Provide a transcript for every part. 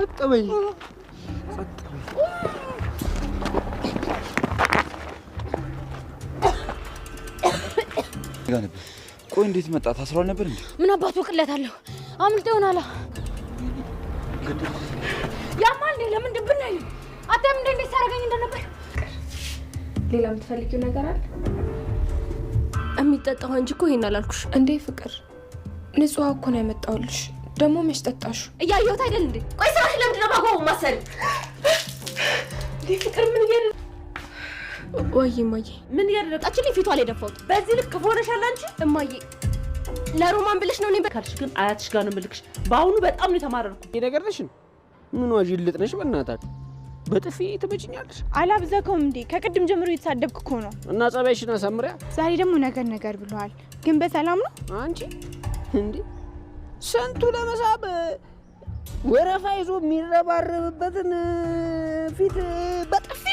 ጸጥ በይ ጸጥ በይ። ቆይ እንዴት መጣ? ታስሯል ነበር እንዴ? ምን አባቱ ቅለታለሁ አምልጦ ይሆናል። ያማል እንዴ? ለምን ድብን አይልም? አታይም እንዴ እንዴት ሲያደርገኝ እንደነበር። ሌላ የምትፈልጊው ነገር አለ? የሚጠጣው እንጂ እኮ ይሄን አላልኩሽ እንዴ? ፍቅር ንጹህ እኮ ነው ያመጣሁልሽ ደግሞ መች ጠጣሹ? እያየሁት አይደል እንዴ? ቆይ ስራሽ ለምንድን ነው ባጓቡ ማሰሪ ፍቅር ምን እያለ ወይ እማዬ፣ ምን እያደረጋችልኝ? ፊቷ ላይ ደፋሁት። በዚህ ልክ ክፉ ሆነሻል አንቺ እማዬ። ለሮማን ብለሽ ነው እኔ በካልሽ ግን አያትሽ ጋር ነው የምልክሽ። በአሁኑ በጣም ነው የተማረርኩ። ይሄ ምን ዋዥ ልጥነሽ በእናታችሁ በጥፊ ትመጭኛለሽ። አላብዘከውም እንዴ? ከቅድም ጀምሮ እየተሳደብክ እኮ ነው። እና ጸባይሽን አሳምሪያ። ዛሬ ደግሞ ነገር ነገር ብለዋል። ግን በሰላም ነው አንቺ እንዴ? ስንቱ ለመሳብ ወረፋ ይዞ የሚረባረብበትን ፊት በጥፊ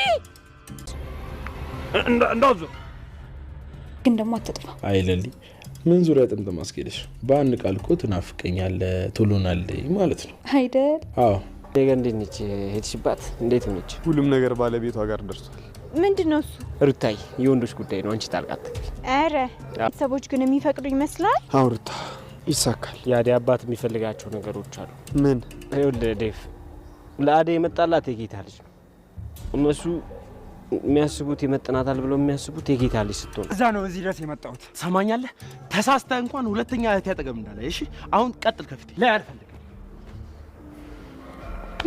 እንዳዙ ግን ደግሞ አትጥፋ አይለሊ ምን ዙሪያ ጥምጥ አስኬደሽ? በአንድ ቃል እኮ ትናፍቀኛለህ ትሉናለህ ማለት ነው አይደል? አዎ። ነገ እንዴት ነች? ሄድሽባት? እንዴት ሆነች? ሁሉም ነገር ባለቤቷ ጋር ደርሷል። ምንድን ነው እሱ? ሩታይ፣ የወንዶች ጉዳይ ነው። አንቺ ጣልቃ አትግቢ። ኧረ ቤተሰቦች ግን የሚፈቅዱ ይመስላል። አዎ ሩታ ይሳካል። የአዴ አባት የሚፈልጋቸው ነገሮች አሉ። ምን? ይኸውልህ ዴቭ፣ ለአደይ የመጣላት የጌታ ልጅ ነው። እነሱ የሚያስቡት ይመጥናታል ብለው የሚያስቡት የጌታ ልጅ ስትሆን እዛ ነው እዚህ ድረስ የመጣሁት። ሰማኛለህ? ተሳስተ እንኳን ሁለተኛ እህቴ አጠገብ እንዳለ። እሺ፣ አሁን ቀጥል። ከፊቴ ላይ አልፈልግም።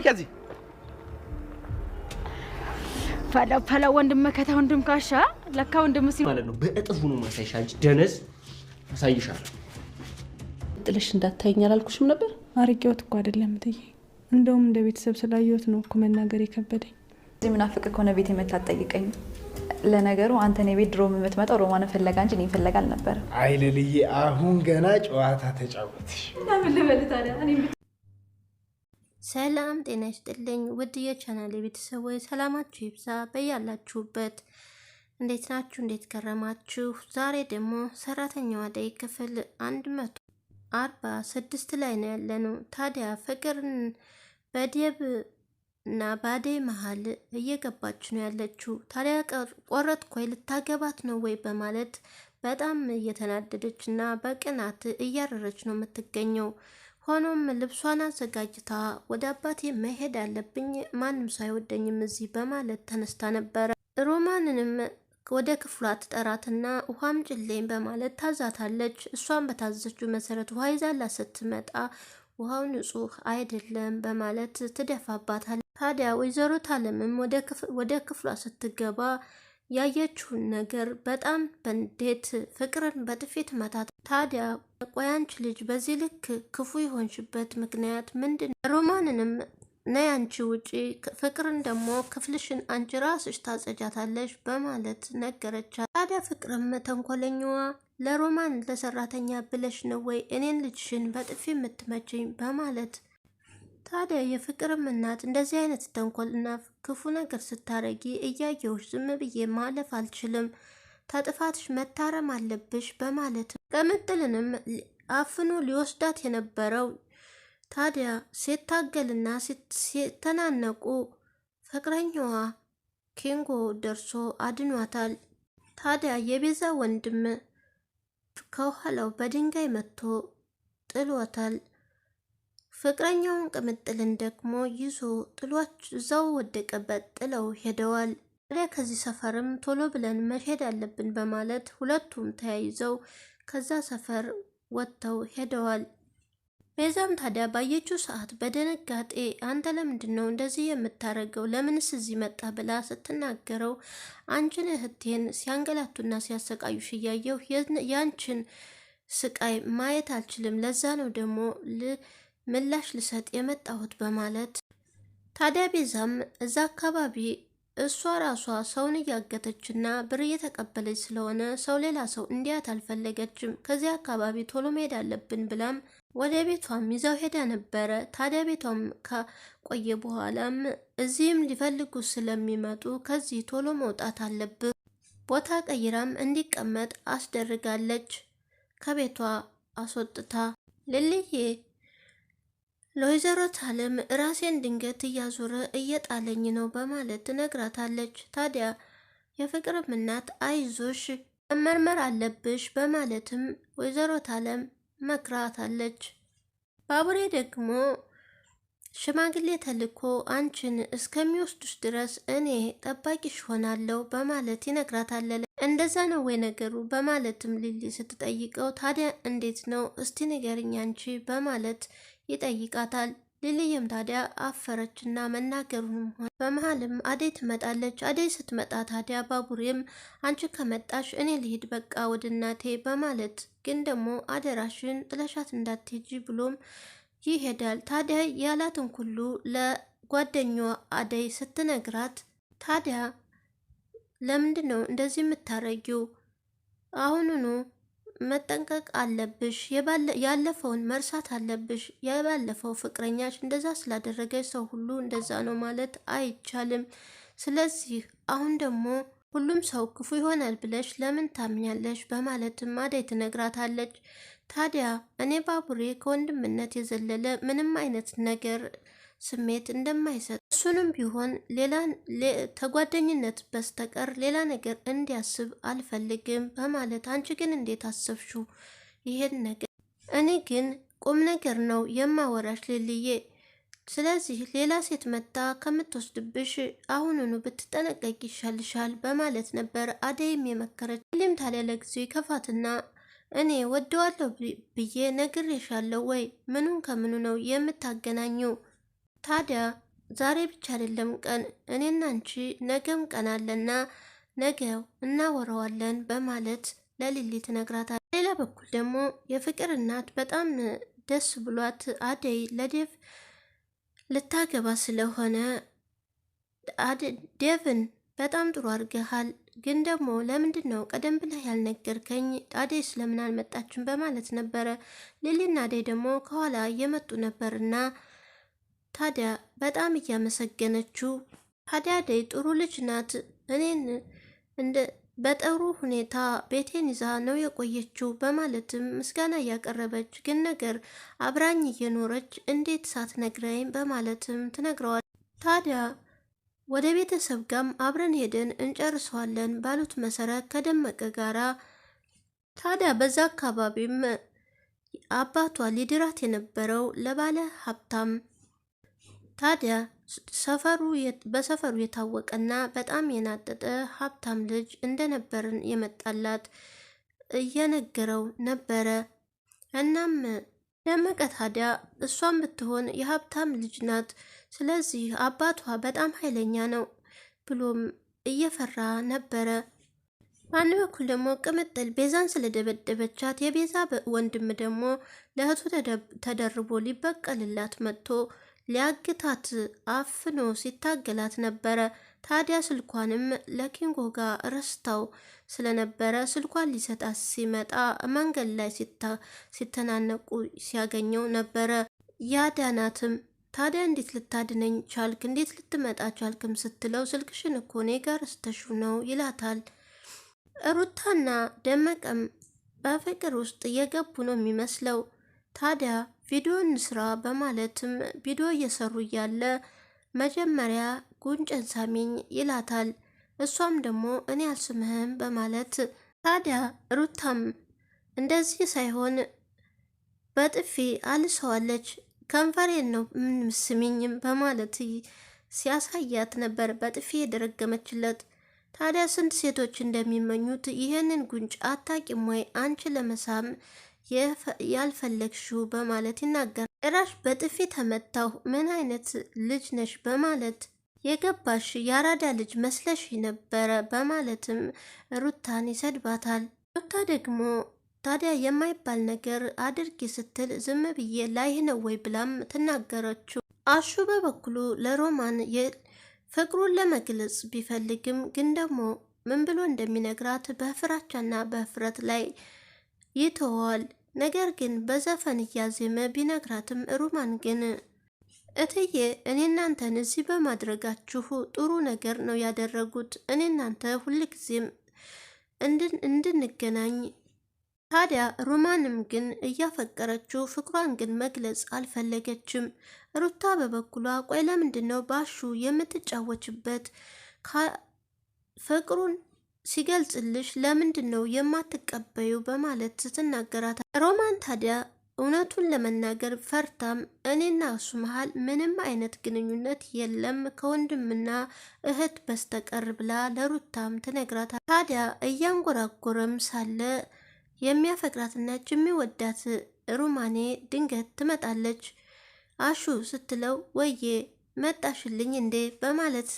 ከዚህ ፈለፈለ ወንድም መከታ ወንድም ካሻ ለካ ወንድም ሲል ማለት ነው። በእጥፍ ነው ማሳይሻ። ደነዝ አሳይሻለሁ ጥለሽ እንዳታይኝ አላልኩሽም ነበር? አርጌወት እኮ አይደለም እትዬ፣ እንደውም እንደ ቤተሰብ ስላየወት ነው እኮ መናገር የከበደኝ። እዚህ ምናፍቅ ከሆነ ቤት የመታ አትጠይቀኝ። ለነገሩ አንተ እኔ ቤት ድሮ የምትመጣው ሮማን ፈለጋ እንጂ እኔን ፈለጋ አልነበረም። አይ አሁን ገና ጨዋታ ተጫወትሽ። ሰላም ጤና ይስጥልኝ ውድ የቻናል የቤተሰቦች ሰላማችሁ ይብዛ በያላችሁበት እንዴት ናችሁ? እንዴት ከረማችሁ? ዛሬ ደግሞ ሰራተኛዋ አደይ ክፍል አንድ መቶ አርባ ስድስት ላይ ነው ያለ ነው። ታዲያ ፍቅርን በዴብ እና ባዴ መሀል እየገባች ነው ያለችው። ታዲያ ቆረት ኮይ ልታገባት ነው ወይ በማለት በጣም እየተናደደች እና በቅናት እያረረች ነው የምትገኘው። ሆኖም ልብሷን አዘጋጅታ ወደ አባቴ መሄድ አለብኝ፣ ማንም ሳይወደኝም እዚህ በማለት ተነስታ ነበረ ሮማንንም ወደ ክፍሏ ትጠራትና ውሃም አምጪልኝ በማለት ታዛታለች። እሷን በታዘችው መሰረት ውሃ ይዛላ ስትመጣ ውሃው ንጹህ አይደለም በማለት ትደፋባታለች። ታዲያ ወይዘሮ ታለምም ወደ ክፍሏ ስትገባ ያየችውን ነገር በጣም በንዴት ፍቅርን በጥፊት መታት። ታዲያ ቆይ አንቺ ልጅ በዚህ ልክ ክፉ የሆንሽበት ምክንያት ምንድን ነው? ሮማንንም ነይ አንቺ ውጪ፣ ፍቅርን ደግሞ ክፍልሽን አንቺ ራስሽ ታጸጃታለሽ በማለት ነገረቻት። ታዲያ ፍቅርም ተንኮለኛዋ ለሮማን ለሰራተኛ ብለሽ ነው ወይ እኔን ልጅሽን በጥፊ የምትመችኝ በማለት ታዲያ የፍቅርም እናት እንደዚህ አይነት ተንኮልና ክፉ ነገር ስታረጊ እያየሁሽ ዝም ብዬ ማለፍ አልችልም፣ ተጥፋትሽ መታረም አለብሽ በማለት ቅምጥልንም አፍኖ ሊወስዳት የነበረው ታዲያ ሲታገልና ሲተናነቁ ፍቅረኛዋ ኪንጎ ደርሶ አድኗታል። ታዲያ የቤዛ ወንድም ከኋላው በድንጋይ መጥቶ ጥሎታል። ፍቅረኛውን ቅምጥልን ደግሞ ይዞ ጥሏች እዛው ወደቀበት ጥለው ሄደዋል። ታዲያ ከዚህ ሰፈርም ቶሎ ብለን መሄድ አለብን በማለት ሁለቱም ተያይዘው ከዛ ሰፈር ወጥተው ሄደዋል። ቤዛም ታዲያ ባየችው ሰዓት በድንጋጤ አንተ ለምንድን ነው እንደዚህ የምታደርገው? ለምንስ እዚህ መጣ? ብላ ስትናገረው አንቺን እህቴን ሲያንገላቱና ሲያሰቃዩሽ እያየሁ ያንቺን ስቃይ ማየት አልችልም። ለዛ ነው ደግሞ ምላሽ ልሰጥ የመጣሁት በማለት ታዲያ ቤዛም እዛ አካባቢ እሷ ራሷ ሰውን እያገተችና ብር እየተቀበለች ስለሆነ ሰው ሌላ ሰው እንዲያት አልፈለገችም። ከዚያ አካባቢ ቶሎ መሄድ አለብን ብላም ወደ ቤቷም ይዘው ሄዳ ነበረ። ታዲያ ቤቷም ከቆየ በኋላም እዚህም ሊፈልጉ ስለሚመጡ ከዚህ ቶሎ መውጣት አለብህ፣ ቦታ ቀይራም እንዲቀመጥ አስደርጋለች። ከቤቷ አስወጥታ ልልዬ ለወይዘሮ ታለም ራሴን ድንገት እያዞረ እየጣለኝ ነው በማለት ነግራታለች። ታዲያ የፍቅርም እናት አይዞሽ መመርመር አለብሽ በማለትም ወይዘሮ ታለም መክራታለች። ባቡሬ ደግሞ ሽማግሌ ተልኮ አንቺን እስከሚወስዱሽ ድረስ እኔ ጠባቂሽ ሆናለሁ በማለት ይነግራታል። እንደዛ ነው ወይ ነገሩ? በማለትም ሊሊ ስትጠይቀው ታዲያ እንዴት ነው እስቲ ንገሪኝ አንቺ በማለት ይጠይቃታል። ሊልየም ታዲያ አፈረችና መናገሩም ሆነ በመሀልም አደይ ትመጣለች። አደይ ስትመጣ ታዲያ ባቡሬም አንቺ ከመጣሽ እኔ ልሂድ በቃ ወደ እናቴ በማለት ግን ደግሞ አደራሽን ጥለሻት እንዳትሄጂ ብሎም ይሄዳል። ታዲያ ያላትን ሁሉ ለጓደኛዋ አደይ ስትነግራት ታዲያ ለምንድን ነው እንደዚህ የምታረጊው? አሁኑኑ መጠንቀቅ አለብሽ። ያለፈውን መርሳት አለብሽ። የባለፈው ፍቅረኛሽ እንደዛ ስላደረገች ሰው ሁሉ እንደዛ ነው ማለት አይቻልም። ስለዚህ አሁን ደግሞ ሁሉም ሰው ክፉ ይሆናል ብለሽ ለምን ታምኛለሽ? በማለትም አደይ ትነግራታለች። ታዲያ እኔ ባቡሬ ከወንድምነት የዘለለ ምንም አይነት ነገር ስሜት እንደማይሰጥ እሱንም ቢሆን ሌላ ተጓደኝነት በስተቀር ሌላ ነገር እንዲያስብ አልፈልግም በማለት አንቺ ግን እንዴት አሰብሽው ይሄን ነገር? እኔ ግን ቁም ነገር ነው የማወራሽ ልልዬ። ስለዚህ ሌላ ሴት መጣ ከምትወስድብሽ አሁኑኑ ብትጠነቀቅ ይሻልሻል በማለት ነበር አደይም የመከረች። ሊም ታዲያ ለጊዜው ይከፋትና እኔ ወደዋለሁ ብዬ ነግሬሻለሁ ወይ? ምኑን ከምኑ ነው የምታገናኘው? ታዲያ ዛሬ ብቻ አይደለም ቀን እኔና አንቺ ነገም ቀን አለና ነገው እናወራዋለን በማለት ለሊሊ ትነግራታለች። ሌላ በኩል ደግሞ የፍቅር እናት በጣም ደስ ብሏት አደይ ለዴቭ ልታገባ ስለሆነ ዴቭን በጣም ጥሩ አድርገሃል፣ ግን ደግሞ ለምንድን ነው ቀደም ብለህ ያልነገርከኝ? አደይ ስለምን አልመጣችም? በማለት ነበረ። ሊሊና አደይ ደግሞ ከኋላ እየመጡ ነበርና ታዲያ በጣም እያመሰገነችው ታዲያ አደይ ጥሩ ልጅ ናት። እኔን እንደ በጥሩ ሁኔታ ቤቴን ይዛ ነው የቆየችው በማለትም ምስጋና እያቀረበች ግን ነገር አብራኝ እየኖረች እንዴት ሳትነግረኝ በማለትም ትነግረዋል። ታዲያ ወደ ቤተሰብ ጋም አብረን ሄደን እንጨርሰዋለን ባሉት መሰረት ከደመቀ ጋራ ታዲያ በዛ አካባቢም አባቷ ሊድራት የነበረው ለባለ ሀብታም ታዲያ ሰፈሩ በሰፈሩ የታወቀና በጣም የናጠጠ ሀብታም ልጅ እንደነበርን የመጣላት እየነገረው ነበረ። እናም ደመቀ ታዲያ እሷም ብትሆን የሀብታም ልጅ ናት፣ ስለዚህ አባቷ በጣም ኃይለኛ ነው ብሎም እየፈራ ነበረ። በአንድ በኩል ደግሞ ቅምጥል ቤዛን ስለደበደበቻት የቤዛ ወንድም ደግሞ ለእህቱ ተደርቦ ሊበቀልላት መጥቶ ሊያግታት አፍኖ ሲታገላት ነበረ። ታዲያ ስልኳንም ለኪንጎ ጋር ረስታው ስለነበረ ስልኳን ሊሰጣት ሲመጣ መንገድ ላይ ሲተናነቁ ሲያገኘው ነበረ። ያዳናትም ታዲያ እንዴት ልታድነኝ ቻልክ? እንዴት ልትመጣ ቻልክም? ስትለው ስልክሽን እኮ እኔ ጋር ነው ይላታል። ሩታና ደመቀም በፍቅር ውስጥ እየገቡ ነው የሚመስለው ታዲያ ቪዲዮ እንስራ በማለትም ቪዲዮ እየሰሩ እያለ መጀመሪያ ጉንጭን ሳሚኝ ይላታል። እሷም ደግሞ እኔ አልስምህም በማለት ታዲያ ሩታም እንደዚህ ሳይሆን በጥፊ አልሰዋለች። ከንፈሬን ነው ምንምስሚኝም በማለት ሲያሳያት ነበር በጥፊ የደረገመችለት። ታዲያ ስንት ሴቶች እንደሚመኙት ይህንን ጉንጭ አታቂም ወይ አንቺ ለመሳም ያልፈለግሽው በማለት ይናገራል። ጭራሽ በጥፊ ተመታሁ። ምን አይነት ልጅ ነሽ በማለት የገባሽ የአራዳ ልጅ መስለሽ ነበረ በማለትም ሩታን ይሰድባታል። ሩታ ደግሞ ታዲያ የማይባል ነገር አድርጊ ስትል ዝም ብዬ ላይህ ነው ወይ ብላም ትናገረችው። አሹ በበኩሉ ለሮማን ፍቅሩን ለመግለጽ ቢፈልግም ግን ደግሞ ምን ብሎ እንደሚነግራት በፍራቻና በፍረት ላይ ይተዋል። ነገር ግን በዘፈን እያዜመ ቢነግራትም ሩማን ግን እትዬ እኔ እናንተን እዚህ በማድረጋችሁ ጥሩ ነገር ነው ያደረጉት። እኔ እናንተ ሁልጊዜም እንድንገናኝ ታዲያ ሩማንም ግን እያፈቀረችው ፍቅሯን ግን መግለጽ አልፈለገችም። ሩታ በበኩሏ ቆይ ለምንድን ነው ባሹ የምትጫወችበት? ፍቅሩን ሲገልጽልሽ ለምንድን ነው የማትቀበዩ በማለት ስትናገራት፣ ሮማን ታዲያ እውነቱን ለመናገር ፈርታም እኔና እሱ መሀል ምንም አይነት ግንኙነት የለም ከወንድምና እህት በስተቀር ብላ ለሩታም ትነግራታል። ታዲያ እያንጎራጎረም ሳለ የሚያፈቅራትና የሚወዳት ሩማኔ ድንገት ትመጣለች። አሹ ስትለው ወዬ መጣሽልኝ እንዴ በማለት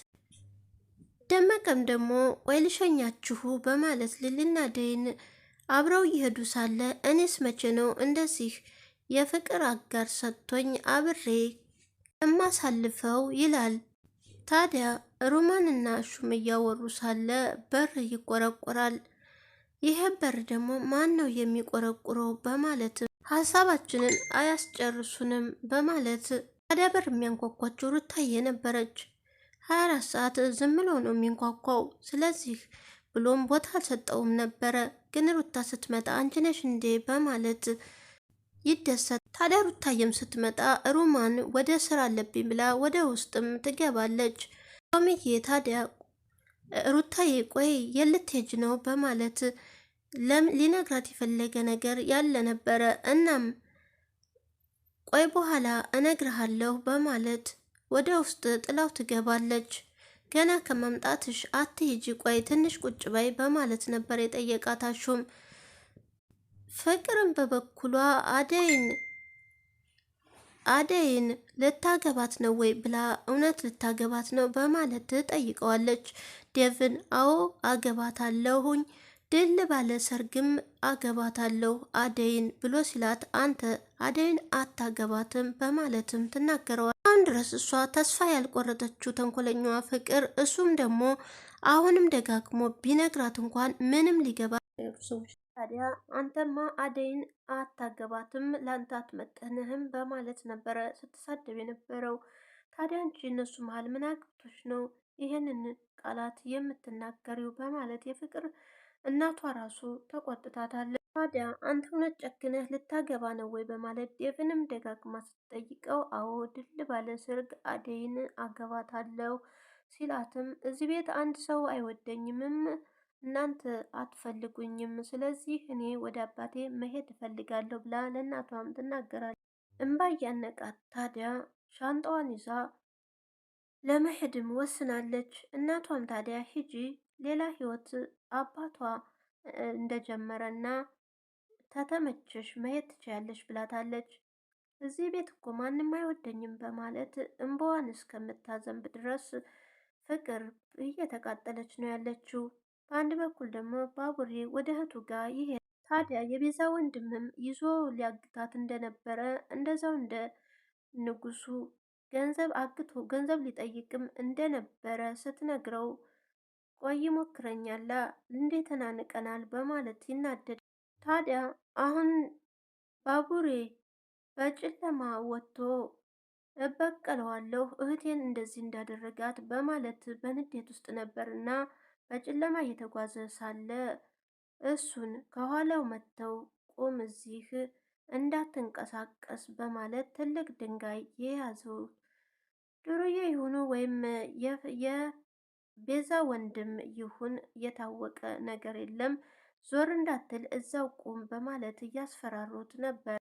ደመቀም ደግሞ ቆይ ልሸኛችሁ በማለት ልልና ደይን አብረው እየሄዱ ሳለ እኔስ መቼ ነው እንደዚህ የፍቅር አጋር ሰጥቶኝ አብሬ የማሳልፈው ይላል። ታዲያ ሩማንና ሹም እያወሩ ሳለ በር ይቆረቆራል። ይሄ በር ደግሞ ማን ነው የሚቆረቁረው በማለት ሀሳባችንን አያስጨርሱንም በማለት ታዲያ በር የሚያንኳኳቸው ሩታዬ ነበረች። ሀያ አራት ሰዓት ዝም ብሎ ነው የሚንኳኳው። ስለዚህ ብሎም ቦታ አልሰጠውም ነበረ። ግን ሩታ ስትመጣ አንቺ ነሽ እንዴ በማለት ይደሰት። ታዲያ ሩታየም ስትመጣ ሩማን ወደ ስራ አለብኝ ብላ ወደ ውስጥም ትገባለች። ቶሚዬ ታዲያ ሩታዬ ቆይ የልትሄጅ ነው በማለት ሊነግራት የፈለገ ነገር ያለ ነበረ። እናም ቆይ በኋላ እነግርሃለሁ በማለት ወደ ውስጥ ጥላው ትገባለች። ገና ከመምጣትሽ አትሂጂ፣ ቆይ ትንሽ ቁጭ በይ በማለት ነበር የጠየቃት አሹም። ፍቅርም በበኩሏ አደይን አደይን ልታገባት ነው ወይ ብላ እውነት ልታገባት ነው በማለት ትጠይቀዋለች። ዴቭን አዎ አገባታለሁኝ ድል ባለ ሰርግም አገባታለሁ አደይን ብሎ ሲላት አንተ አደይን አታገባትም በማለትም ትናገረዋል። አሁን ድረስ እሷ ተስፋ ያልቆረጠችው ተንኮለኛዋ ፍቅር፣ እሱም ደግሞ አሁንም ደጋግሞ ቢነግራት እንኳን ምንም ሊገባ ታዲያ አንተማ አደይን አታገባትም ለአንተ መጠነህም በማለት ነበረ ስትሳደብ የነበረው። ታዲያ እንጂ እነሱ መሀል ምን አግብቶች ነው ይህንን ቃላት የምትናገሪው በማለት የፍቅር እናቷ ራሱ ተቆጥታታለች። ታዲያ አንተ እውነት ጨክነህ ልታገባ ነው ወይ በማለት ዴቭንም ደጋግማ ስትጠይቀው አዎ ድል ባለ ሰርግ አደይን አገባታለሁ ሲላትም እዚህ ቤት አንድ ሰው አይወደኝምም እናንተ አትፈልጉኝም ስለዚህ እኔ ወደ አባቴ መሄድ እፈልጋለሁ ብላ ለእናቷም ትናገራለች እንባ እያነቃት ታዲያ ሻንጣዋን ይዛ ለመሄድም ወስናለች እናቷም ታዲያ ሂጂ ሌላ ህይወት አባቷ እንደጀመረና ተተመቸሽ መሄድ ትችያለሽ ብላታለች። እዚህ ቤት እኮ ማንም አይወደኝም በማለት እንባዋን እስከምታዘንብ ድረስ ፍቅር እየተቃጠለች ነው ያለችው። በአንድ በኩል ደግሞ ባቡሬ ወደ እህቱ ጋር ይሄ ታዲያ የቤዛ ወንድምም ይዞ ሊያግታት እንደነበረ እንደዛው እንደ ንጉሱ ገንዘብ አግቶ ገንዘብ ሊጠይቅም እንደነበረ ስትነግረው ቆይ ሞክረኛላ እንዴት ተናንቀናል በማለት ይናደድ ታዲያ አሁን ባቡሬ በጨለማ ወጥቶ እበቀለዋለሁ እህቴን እንደዚህ እንዳደረጋት በማለት በንዴት ውስጥ ነበርና በጨለማ እየተጓዘ ሳለ እሱን ከኋላው መጥተው ቁም እዚህ እንዳትንቀሳቀስ በማለት ትልቅ ድንጋይ የያዘው ድሩዬ ይሁኑ ወይም የቤዛ ወንድም ይሁን የታወቀ ነገር የለም። ዞር እንዳትል እዛው ቁም በማለት እያስፈራሩት ነበር።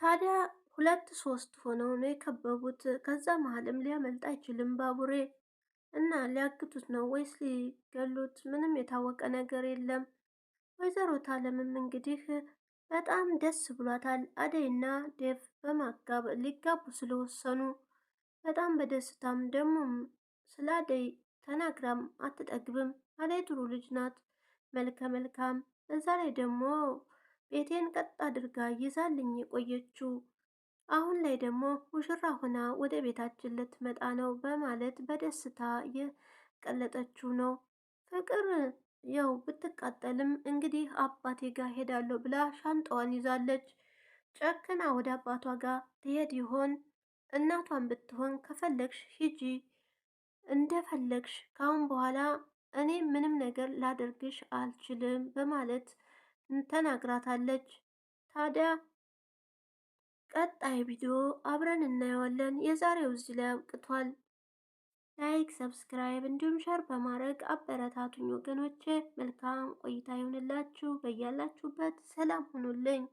ታዲያ ሁለት ሶስት ሆነው ነው የከበቡት። ከዛ መሀልም ሊያመልጥ አይችልም ባቡሬ እና ሊያግቱት ነው ወይስ ሊገሉት? ምንም የታወቀ ነገር የለም። ወይዘሮ ታለምም እንግዲህ በጣም ደስ ብሏታል። አደይና ዴቭ በማጋብ ሊጋቡ ስለወሰኑ በጣም በደስታም ደግሞም ስለ አደይ ተናግራም አትጠግብም። አደይ ጥሩ ልጅ ናት፣ መልከ መልካም እዛ ላይ ደግሞ ቤቴን ቀጥ አድርጋ ይዛልኝ የቆየችው አሁን ላይ ደግሞ ሙሽራ ሆና ወደ ቤታችን ልትመጣ ነው በማለት በደስታ የቀለጠችው ነው። ፍቅር ያው ብትቃጠልም እንግዲህ አባቴ ጋር ሄዳለሁ ብላ ሻንጣዋን ይዛለች። ጨክና ወደ አባቷ ጋር ትሄድ ይሆን? እናቷን ብትሆን ከፈለግሽ ሂጂ እንደፈለግሽ ካሁን በኋላ እኔ ምንም ነገር ላደርግሽ አልችልም በማለት ተናግራታለች። ታዲያ ቀጣይ ቪዲዮ አብረን እናየዋለን። የዛሬው እዚህ ላይ አብቅቷል። ላይክ፣ ሰብስክራይብ እንዲሁም ሸር በማድረግ አበረታቱኝ ወገኖቼ። መልካም ቆይታ ይሁንላችሁ። በያላችሁበት ሰላም ሁኑልኝ።